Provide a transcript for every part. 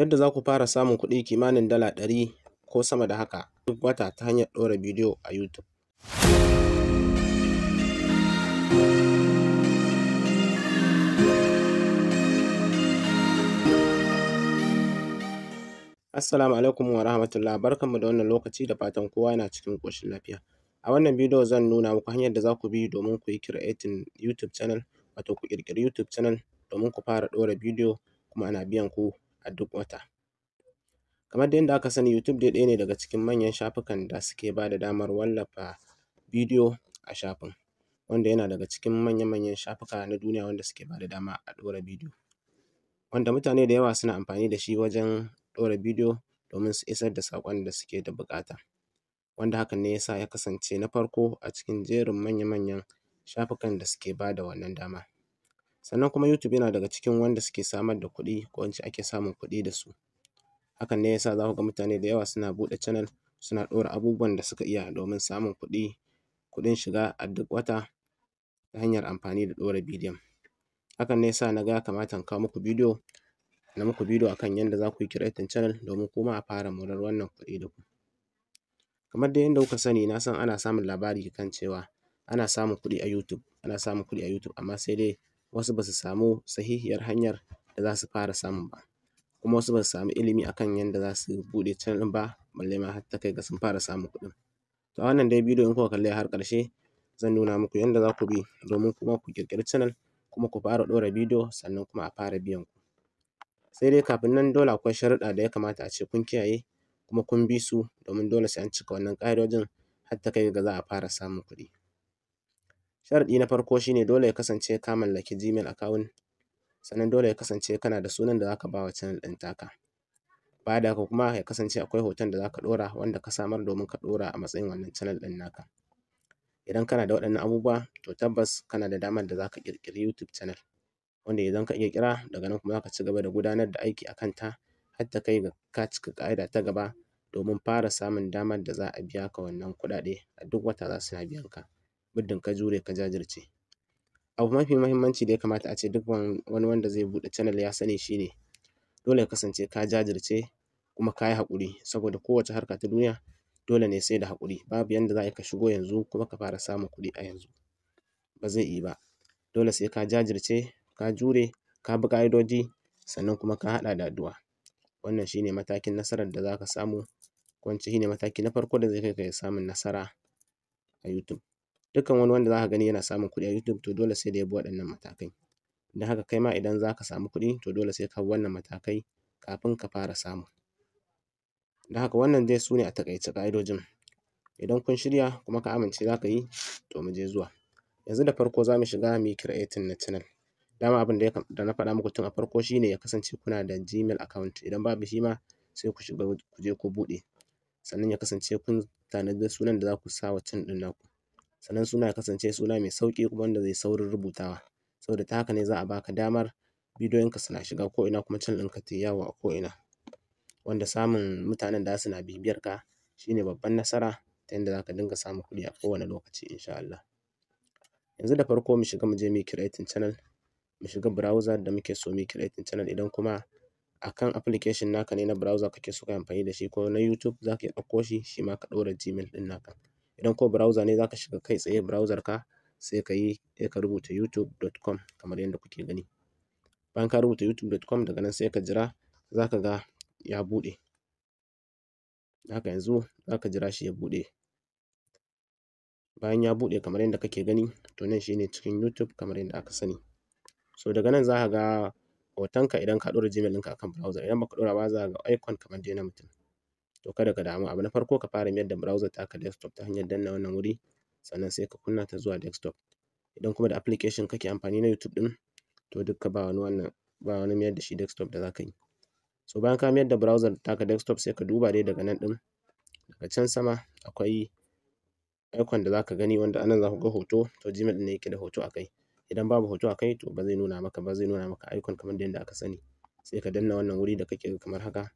Yadda za ku fara samun kuɗi kimanin dala ɗari ko sama da haka duk wata ta hanyar ɗora bidiyo a YouTube. Assalamu alaikum wa rahmatullah barkanmu da wannan lokaci da fatan kowa yana cikin ƙoshin lafiya. A wannan bidiyo zan nuna muku hanyar da za ku bi domin ku yi creating YouTube channel wato ku ƙirƙiri YouTube channel domin ku fara ɗora bidiyo kuma ana biyan ku a duk wata. Kamar dai yadda aka sani YouTube dai ɗaya ne daga cikin manyan shafukan da suke ba da damar wallafa bidiyo a shafin, wanda yana daga cikin manya-manyan shafuka na duniya wanda suke ba da dama a ɗora bidiyo, wanda mutane da yawa suna amfani da shi wajen ɗora bidiyo domin su isar da saƙon da suke da buƙata, wanda hakan ne ya sa ya kasance na farko a cikin jerin manya-manyan shafukan da suke ba da wannan dama. Sannan kuma YouTube yana daga cikin wanda suke samar da kuɗi ko in ce ake samun kuɗi da su. Hakan ne ya sa za ku ga mutane da yawa suna buɗe channel suna ɗora abubuwan da suka iya domin samun kuɗi kuɗin shiga a duk wata ta hanyar amfani da ɗora bidiyon. Hakan ne ya sa na ga ya kamata in kawo muku bidiyo na muku bidiyo a kan yadda za ku yi creating channel domin ku ma a fara morar wannan kuɗi da ku. Kamar dai yadda kuka sani na san ana samun labari kan cewa ana samun kuɗi a YouTube ana samun kuɗi a YouTube amma sai dai wasu basu samu sahihiyar hanyar da zasu fara samun ba kuma wasu basu samu ilimi akan yanda zasu su buɗe channel ɗin ba balle ma har ta kai ga sun fara samun kuɗin to a wannan dai bidiyo in kuka kalle har ƙarshe zan nuna muku yanda za ku bi domin kuma ku ƙirƙiri channel kuma ku fara ɗora bidiyo sannan kuma a fara biyan ku sai dai kafin nan dole akwai sharuɗa da ya kamata a ce kun kiyaye kuma kun bi su domin dole sai an cika wannan ƙa'idojin har ta kai ga za a fara samun kuɗi Sharaɗi na farko shi ne dole ya kasance ka mallaki Gmail account sannan dole ya kasance kana da sunan da zaka bawa ba wa channel ɗin taka. Baya da haka kuma ya kasance akwai hoton da za ka ɗora wanda ka samar domin ka ɗora a matsayin wannan channel ɗin naka. Idan kana da waɗannan abubuwa to tabbas kana da damar da zaka kirkiri ƙirƙiri YouTube channel wanda idan ka ƙirƙira daga nan kuma za ka ci gaba da gudanar da aiki a kanta har ta kai ga ka cika ƙa'ida ta gaba domin fara samun damar da za a biya ka wannan kuɗaɗe a duk wata za su na biyan ka. muddin ka jure ka jajirce abu mafi mahimmanci da ya kamata a ce duk wani wanda zai buɗe channel ya sani shine dole ya kasance ka jajirce kuma ka yi haƙuri saboda kowace harka ta duniya dole ne sai da haƙuri babu yanda za a yi ka shigo yanzu kuma ka fara samun kuɗi a yanzu ba zai yi ba dole sai ka jajirce ka jure ka bi ƙa'idoji sannan kuma ka haɗa da addu'a wannan shine matakin nasarar da za ka samu ko in ce ne mataki na farko da zai kai ka ga samun nasara a YouTube. dukkan wani wanda za ka gani yana samun kuɗi a YouTube to dole sai da ya bi waɗannan matakai. Don haka kai ma idan za ka samu kuɗi to dole sai ka bi wannan matakai kafin ka fara samu. Don haka wannan dai su ne a taƙaice ƙa'idojin. Idan kun shirya kuma ka amince za ka yi to mu je zuwa. Yanzu da farko za mu shiga mu yi creating na channel. Dama abin da na faɗa muku tun a farko shi ne ya kasance kuna da Gmail account idan babu shi ma sai ku shiga ku je ku buɗe. Sannan ya kasance kun tanadi sunan da za ku sa wa channel ɗin naku. sannan suna ya kasance suna mai sauƙi kuma wanda zai saurin rubutawa saboda ta haka ne za a baka damar bidiyoyinka suna shiga ko'ina kuma channel ɗinka tai yawo a ko'ina wanda samun mutanen da su bibiyar ka shi ne babban nasara ta yanda za ka dinga samun kuɗi a kowane lokaci insha Allah. Yanzu da farko mu shiga mu je mu yi creating channel mu shiga browser da muke so mu yi creating channel idan kuma a kan application naka ne na browser kake so ka amfani da shi ko na YouTube za ka iya ɗauko shi shi ma ka ɗora Gmail ɗin naka. idan ko browser ne zaka shiga kai tsaye browser ka sai ka yi sai ka rubuta youtube.com kamar yadda kuke gani bayan ka rubuta youtube.com daga nan sai ka jira zaka ga ya buɗe haka yanzu zaka jira shi ya bude bayan ya buɗe kamar yadda kake gani to nan shine cikin youtube kamar yadda aka sani so daga nan zaka ga hotonka idan ka ɗora gmail ɗinka akan browser idan baka ɗora ba zaka ga icon kamar dai na mutum to kada ka damu abu na farko ka fara mayar da browser taka desktop ta hanyar danna wannan wuri sannan sai ka kunna ta zuwa desktop idan kuma da application kake amfani na YouTube ɗin to dukka ba wani wannan ba wani mayar da shi desktop da zaka yi so bayan ka mayar da browser taka desktop sai ka duba dai daga nan ɗin daga can sama akwai icon da zaka gani wanda anan zaka ga hoto to Gmail din ne yake da hoto akai idan babu hoto akai to ba zai nuna maka ba zai nuna maka icon kamar da yanda aka sani sai ka danna wannan wuri da kake kamar haka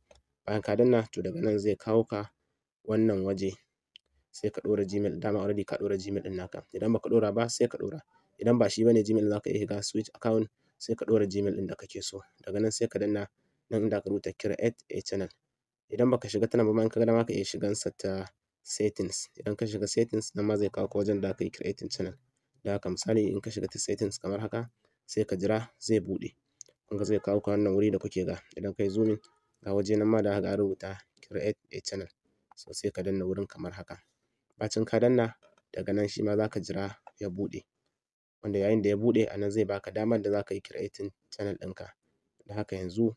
bayan ka danna to daga nan zai kawo ka wannan waje sai ka ɗora gmail dama already ka ɗora gmail ɗin naka idan baka ɗora ba sai ka ɗora idan ba shi bane gmail zaka iya shiga switch account sai ka ɗora gmail ɗin da kake so daga nan sai ka danna nan inda ka rubuta create a channel idan baka shiga tana ba ma in ka ga dama ka iya shigan sa ta settings idan ka shiga settings nan ma zai kawo ka wajen da ka yi creating channel da haka misali in ka shiga ta settings kamar haka sai ka jira zai buɗe kun ga zai kawo ka wannan wuri da kuke ga idan ka yi zooming ga waje nan ma da aka rubuta create a channel so sai ka danna wurin kamar haka bacin ka danna daga nan shi ma za ka jira ya buɗe wanda yayin da ya buɗe a nan zai baka damar da za ka yi creating channel ɗinka da haka yanzu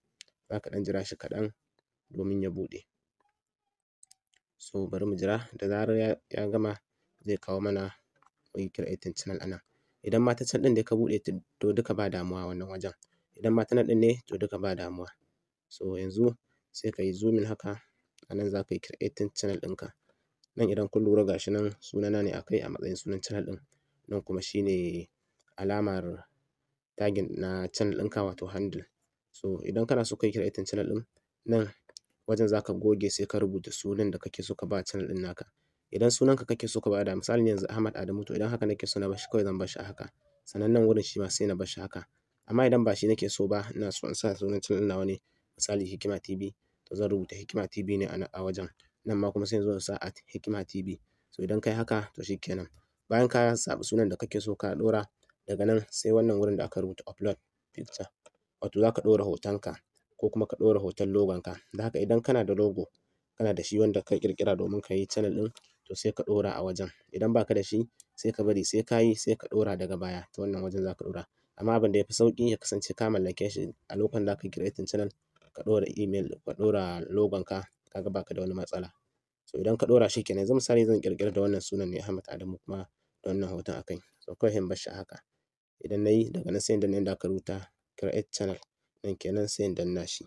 za ka ɗan jira shi kaɗan domin ya buɗe so bari mu jira da zarar ya, gama zai kawo mana yi creating channel anan idan ma ta can ɗin da ka buɗe to duka ba damuwa wannan wajen idan ma ta nan ɗin ne to duka ba damuwa so yanzu sai ka yi zooming haka a nan za ka yi creating channel ɗinka nan idan kun lura gashi nan sunana ne akai a matsayin sunan channel ɗin nan kuma shine alamar tagin na channel ɗinka wato handle so idan kana so kai creating channel ɗin nan wajen za ka goge sai ka rubuta sunan da kake so ka ba channel ɗin naka idan sunanka kake so ka bada misali yanzu Ahmad Adamu to idan haka nake so na bashi kawai zan bashi a haka sannan nan wurin shi ma sai na bashi haka amma idan ba shi nake so ba ina so in sa sunan channel nawa ne misali Hikima TV to zan rubuta Hikima TV ne a wajen nan ma kuma sai in zo sa Hikima TV so idan kai haka to shi kenan bayan ka sabu sunan da kake so ka dora daga nan sai wannan wurin da aka rubuta upload picture wato zaka dora ɗora hotonka ko kuma ka ɗora hoton ka da haka idan kana da logo kana da shi wanda ka ƙirƙira domin ka yi channel ɗin to sai ka dora a wajen idan baka da shi sai ka bari sai ka sai ka ɗora daga baya ta wannan wajen zaka dora amma abin da ya fi sauki ya kasance ka mallake shi a lokacin da ka channel ka ɗora email ka ɗora logon ka kaga baka da wani matsala so idan ka ɗora shi kenan yanzu misali zan ƙirƙira da wannan sunan ne Ahmad Adamu kuma da wannan hoton a kai so kawai in bar shi a haka idan nayi daga nan sai in danna inda aka rubuta create channel nan kenan sai in danna shi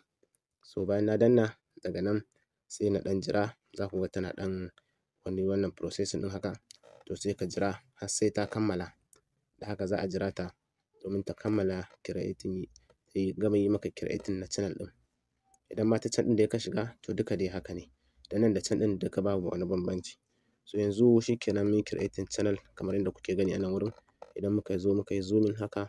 so bayan na danna daga nan sai na ɗan jira za ku ga tana ɗan wani wannan processing ɗin haka to sai ka jira har sai ta kammala da haka za a jira ta domin ta kammala creating gama yi maka creating na channel din. idan ma ta can ɗin da ka shiga to duka dai haka ne da nan da can ɗin da ka babu wani bambanci so yanzu shi kenan mun creating channel kamar yadda kuke gani a nan wurin idan muka zo muka yi zooming haka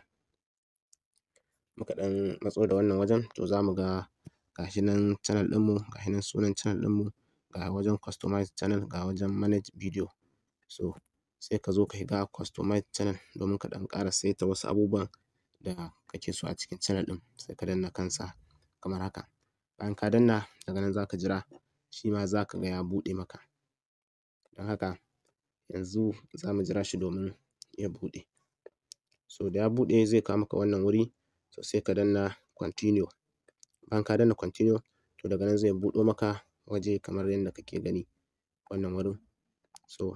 muka ɗan matso da wannan wajen to za mu ga gashi nan channel ɗinmu gashi nan sunan channel ɗinmu ga wajen customize channel ga wajen manage video so sai ka zo ka shiga customize channel domin ka ɗan ƙara saita wasu abubuwan da kake so a cikin channel ɗin sai ka danna kansa kamar haka bayan ka danna daga nan za ka jira shi ma za ka ga ya buɗe maka don haka yanzu za mu jira shi domin ya buɗe so da ya buɗe zai kawo maka wannan wuri to sai ka danna continue bayan ka danna continue to daga nan zai buɗo maka waje kamar yadda kake gani wannan wurin so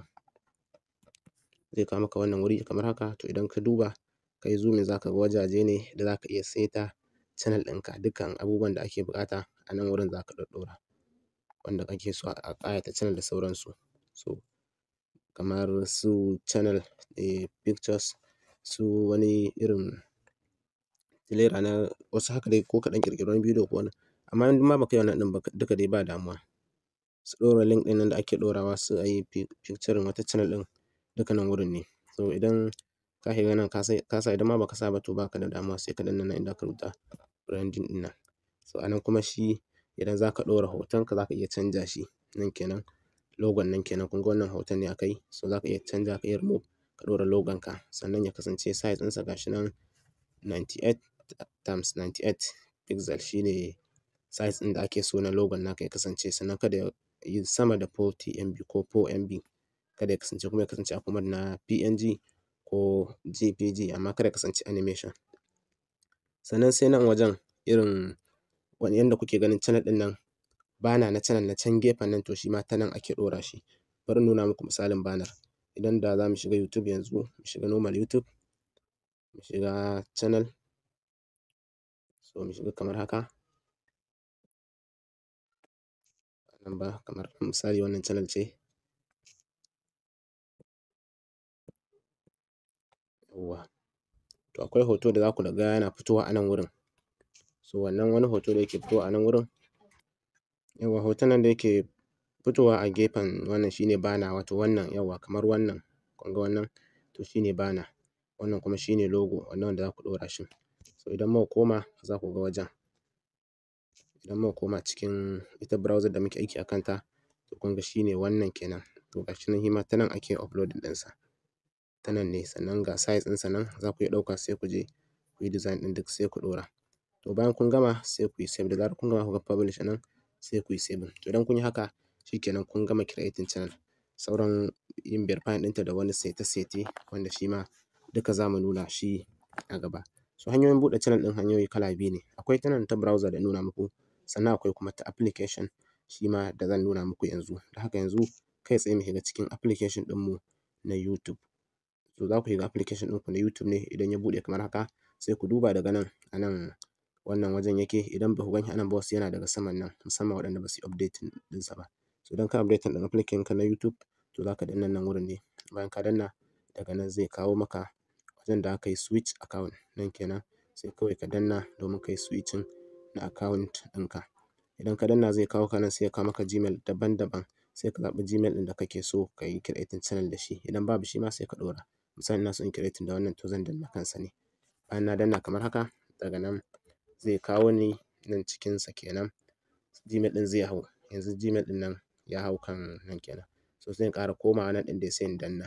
zai kawo maka wannan wuri kamar haka to idan ka duba ka yi zooming za ka ga wajaje ne da za ka iya saita channel ɗinka dukkan abubuwan da ake buƙata a nan wurin za ka ɗaɗɗora wanda kake so a ƙayata channel da sauransu so kamar su channel eh, pictures su wani irin tilera na wasu haka dai ko kaɗan ƙirƙiri wani bidiyo ko wani amma in ma baka yi wannan ɗin ba duka dai ba damuwa su ɗora link ɗin nan da ake ɗorawa su a yi picturing wata channel ɗin dukkanin wurin ne so idan ka shiga nan ka sa idan ma baka sa ba to baka da damuwa sai ka danna nan inda aka rubuta branding ɗin nan So a nan kuma shi idan za ka ɗora hotonka za ka iya canja shi nan kenan logon nan kenan kun ga wannan hoton ne a yi so za ka iya canja ka yi remove ka ɗora logon ka sannan ya kasance size ɗinsa gashi nan 98 times 98 pixel shine size ɗin da ake so na logon naka ya kasance sannan kada ya yi sama da 40 MB ko 4 MB kada ya kasance kuma ya kasance a format na PNG ko JPG amma kada ya kasance animation sannan sai nan wajen irin wani yanda kuke ganin channel ɗin nan bana na channel na can gefen nan to shi ma ta nan ake ɗora shi bari nuna muku misalin banar idan da za mu shiga YouTube yanzu mu shiga normal YouTube mu shiga channel so mu shiga kamar haka nan ba kamar misali wannan channel ce yawwa to akwai hoto da za ku ga yana fitowa a nan wurin so wannan wani hoto da yake fitowa a nan wurin yauwa hoton nan da yake fitowa a gefen wannan shine bana wato wannan yauwa kamar wannan kun ga wannan to shine bana wannan kuma shine logo wannan wanda za ku ɗora shi so idan muka koma za ku ga wajen idan muka koma cikin ita browser da muke aiki a kanta to kun ga shine wannan kenan to ga shi nan shi ma ta nan ake uploading ɗinsa ta nan ne sannan ga size ɗinsa nan za ku iya ɗauka sai ku je ku yi design ɗin duk sai ku ɗora to bayan kun gama sai ku yi save da zarar kun gama ku ga publish anan sai ku yi to idan kun yi haka shikenan kun gama creating channel sauran yin verifying ɗinta da wani saite-saite wanda shi ma duka za mu nuna shi a gaba so hanyoyin buɗe channel ɗin hanyoyi kala biyu ne akwai nan ta browser da nuna muku sannan akwai kuma ta application shi ma da zan nuna muku yanzu da haka yanzu kai tsaye mu shiga cikin application ɗinmu na YouTube to za ku shiga application ɗinku na YouTube ne idan ya buɗe kamar haka sai ku duba daga nan a wannan wajen yake idan ba ku anan ba wasu yana daga saman nan musamman waɗanda ba su yi ɗinsa ba. So idan ka updating ɗin application ka na YouTube to za ka danna nan wurin ne bayan ka danna daga nan zai kawo maka wajen da aka yi switch account nan kenan sai kawai ka danna domin ka yi switching na account ɗinka. Idan ka danna zai kawo ka nan sai ya kawo maka Gmail daban-daban sai ka zaɓi Gmail ɗin da kake so ka yi creating channel da shi idan babu shi ma sai ka ɗora. Misali ina so in creating da wannan to zan danna kansa ne. Bayan na danna kamar haka daga nan zai kawo ni nan cikinsa kenan gmail ɗin zai hau yanzu gmail ɗin nan ya hau kan nan kenan so sai in ƙara komawa nan ɗin dai sai in danna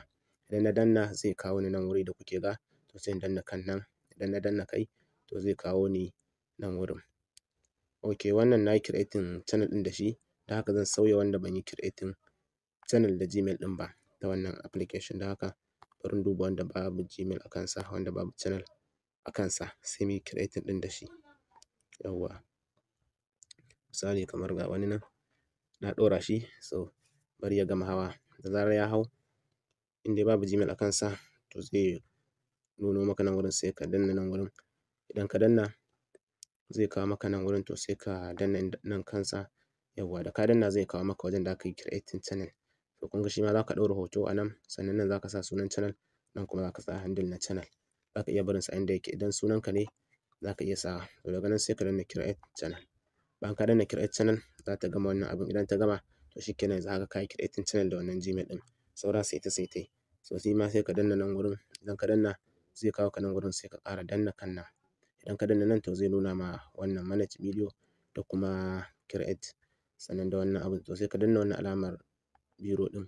idan na danna zai kawo ni nan wuri da kuke ga to sai in danna kan nan idan na danna kai to zai kawo ni nan wurin ok wannan na yi creating channel ɗin da shi da haka zan sauya wanda ban yi creating channel da gmail ɗin ba ta wannan application da haka bari duba wanda babu gmail a kansa wanda babu channel a kansa sai mu yi creating ɗin da shi Yawwa Misali kamar ga wani nan na ɗora shi so bari ya gama hawa da zarar ya hau in dai babu Gmail a kansa to zai nuno maka nan wurin sai ka danna nan wurin. Idan ka danna zai kawo maka nan wurin to sai ka danna nan kansa Yawwa da ka danna zai kawo maka wajen da aka yi creating channel. To kun ga shi ma za ka ɗora hoto a nan sannan nan za ka sa sunan channel nan kuma za ka sa handle na channel. Za ka iya barinsa a inda yake idan sunanka ne. za ka iya sawa to daga nan sai ka danna create channel bayan ka danna create channel za ta gama wannan abin idan ta gama to shikenan za ka kai creating channel da wannan gmail din saura sai ta sai ta so sai ma sai ka danna nan gurin idan ka danna zai kawo ka nan gurin sai ka ƙara danna kan nan idan ka danna nan to zai nuna ma wannan manage video da kuma create sannan da wannan abin to sai ka danna wannan alamar biro din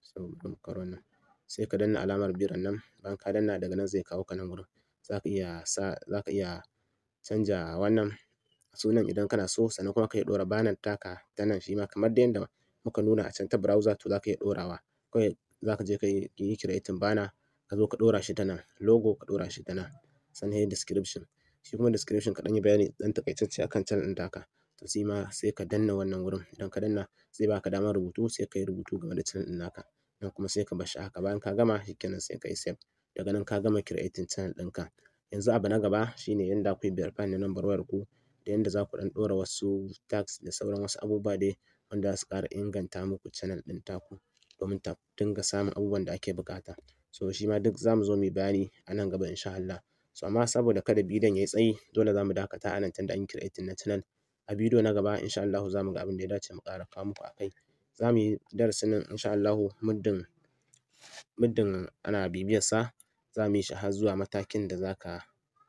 so bari mu sai ka danna alamar biro nan bayan ka danna daga nan zai kawo ka nan gurin zaka iya sa zaka iya canja wannan sunan idan kana so sannan kuma ka iya ɗora banan taka ta nan shima kamar dai yanda muka nuna a can ta browser to zaka iya ɗorawa kawai zaka je ka yi creating bana ka zo ka ɗora shi ta nan logo ka ɗora shi ta nan sannan sai description shi kuma description ka ɗan yi bayani ɗan taƙaitacce akan channel ɗin taka to shi ma sai ka danna wannan wurin idan ka danna zai baka damar rubutu sai ka yi rubutu game da channel ɗin naka nan kuma sai ka bar shi a haka bayan ka gama shikenan sai ka yi save daga nan ka gama creating channel ɗinka yanzu abu na gaba shi shine yanda ku yi verify na number wayar ku da yanda za ku ɗan ɗora wasu tags da sauran wasu abubuwa dai wanda za su ƙara inganta muku channel ɗin taku domin ta dinga samun abubuwan da ake buƙata so shi ma duk za mu zo mu bayani a nan gaba insha Allah so amma saboda kada bidiyon ya yi tsayi dole za mu dakata a nan tunda an yi creating na channel a bidiyo na gaba insha Allah za mu ga abin da ya dace mu ƙara kawo muku a kai za mu yi darasin nan insha Allahu muddin muddin ana bibiyar sa za mu yi shi har zuwa matakin da za ka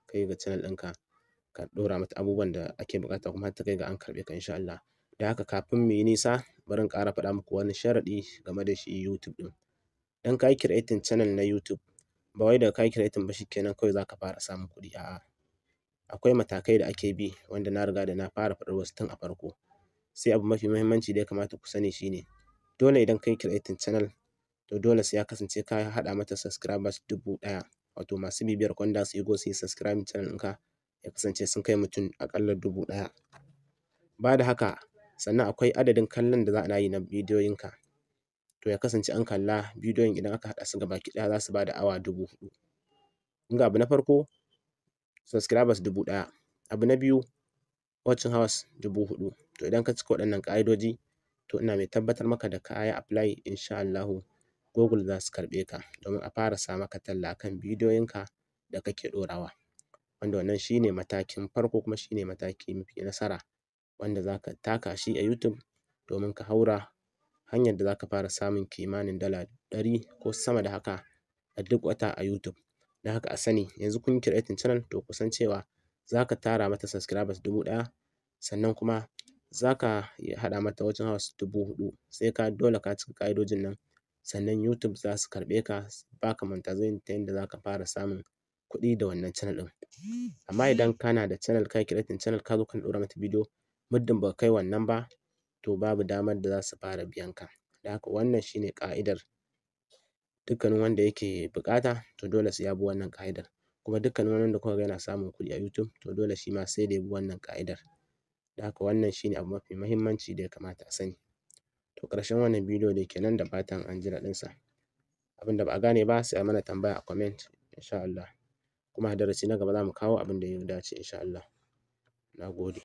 kai ga channel ɗinka ka ɗora mata abubuwan da ake buƙata kuma har ta kai ga an karɓe ka insha Allah. Da haka kafin mu yi nisa bari in ƙara faɗa muku wani sharaɗi game da shi YouTube ɗin. Don ka yi creating channel na YouTube ba wai daga ka yi creating ba shikenan kawai za ka fara samun kuɗi a'a. Akwai matakai da ake bi wanda na riga da na fara faɗar wasu tun a farko. Sai abu mafi muhimmanci da ya kamata ku sani shi ne dole idan ka yi creating channel to dole sai ya kasance ka haɗa mata subscribers dubu ɗaya wato masu bibiyar kwanda go su yi subscribing channel ɗinka ya kasance sun kai mutum aƙalla dubu ɗaya. Ba da haka sannan akwai adadin kallon da za a yi na bidiyoyinka to ya kasance an kalla bidiyoyin idan aka haɗa su baki ɗaya za su ba da awa dubu huɗu. ga abu na farko subscribers dubu ɗaya abu na biyu watching hours dubu huɗu to idan ka cika waɗannan ƙa'idoji to ina mai tabbatar maka da ka yi apply insha Allahu Google za su karɓe ka domin a fara sa maka talla kan bidiyoyinka da kake ɗorawa. Wanda wannan shine matakin farko kuma shine mataki mafi nasara wanda za ka taka shi a YouTube domin ka haura hanyar da za ka fara samun kimanin dala ɗari ko sama da haka a duk wata a YouTube. Don haka a sani yanzu kun yi creating channel to ku san cewa za ka tara mata subscribers dubu ɗaya sannan kuma za ka haɗa mata watch hours dubu huɗu sai ka dole ka cika ƙa'idojin nan sannan YouTube za su karɓe ka ba ka monetization ta yanda za ka fara samun kuɗi da wannan channel ɗin. Amma idan kana da channel kai yi creating channel ka zo kana ɗora mata bidiyo muddin ba ka kai wannan ba to babu damar da za su fara biyan ka. da haka wannan shi ne ƙa'idar dukkanin wanda yake buƙata to dole sai ya bi wannan ƙa'idar. Kuma dukkanin wanda kuka ga yana samun kuɗi a YouTube to dole shi ma sai da ya bi wannan ƙa'idar. da haka wannan shi ne abu mafi muhimmanci da ya kamata a sani. to ƙarshen wannan bidiyo dai kenan da fatan an ji daɗin sa abin da ba a gane ba sai a mana tambaya a comment insha Allah kuma a darasi na gaba za mu kawo abin da ya dace insha Allah na gode